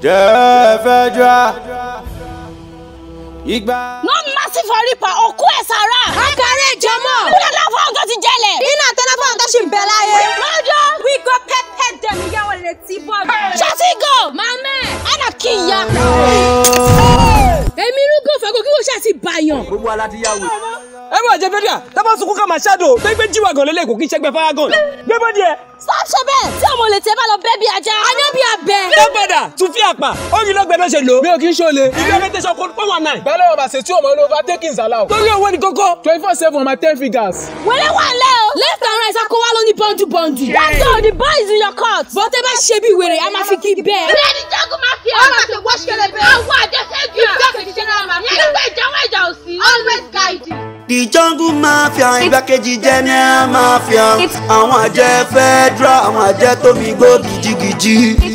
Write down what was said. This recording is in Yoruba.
Jefedra. Igba. No massive for reaper, òkú ẹ̀ sára. Akare jọmọ. Kúlẹ̀ náà fọ́ọ̀n tó ti jẹlẹ̀. Iná tẹ́lẹ̀ fọ́ọ̀n tó ṣì ń bẹ Lọ́jọ́. We go pepper dem ìyá wọn lè ti bọ̀. Ṣàtìgò. Màmá ẹ̀. Ànà kì í ya. Èmi rúgò fẹ́kọ̀ kí wọ́n ṣàti bàyàn. Gbogbo ara ti yá wò. Ẹ bọ̀ Jefedra, tábà sunkún ká máa ṣáàdò tó ń gbé jíwàgàn lélẹ̀ kò kí ń ṣẹ́gbẹ́ fárágàn. Gbé bọ́ díẹ̀. Stop ṣe bẹ́ẹ̀ tí ọmọ olè tẹ́ bá lọ bẹ́ bí ajá. Ajá bí ab lọ́gbẹ̀dà tún fi àpà ó rí lọ́gbẹ̀dà ṣe lò. mi ò kí ń ṣọ̀lẹ. ìlú ẹgbẹ́tẹ̀sán kò fún wọn náà. bẹ́ẹ̀ lọ́wọ́ bàṣẹ tí ọmọ ló bá tẹ́kì ń sálà o. torí owó ni kókó. twenty four seven ọmọ ten figures. wẹ́rẹ́ wà lẹ́ o. left and right akọ wa ló ní bọ́ńdù bọ́ńdù. what's all the boys in your court. bọ́tẹ́ bá ṣe bí wèrè a máa fi kí bẹ́ẹ̀. bẹ́ẹ̀ ni jagun máa fi àwọn àti wọ́ṣẹ̀lẹ̀ bẹ́ẹ̀. àwọn àjẹsẹ́jú ìgbàkejì general mafia. nígbà ìjàwọ́ ìjà òsì. always guiding the jungle mafia igbákejì general mafia àwọn àjẹ́ federal àwọn àjẹ́ tómi gbó gidigidi.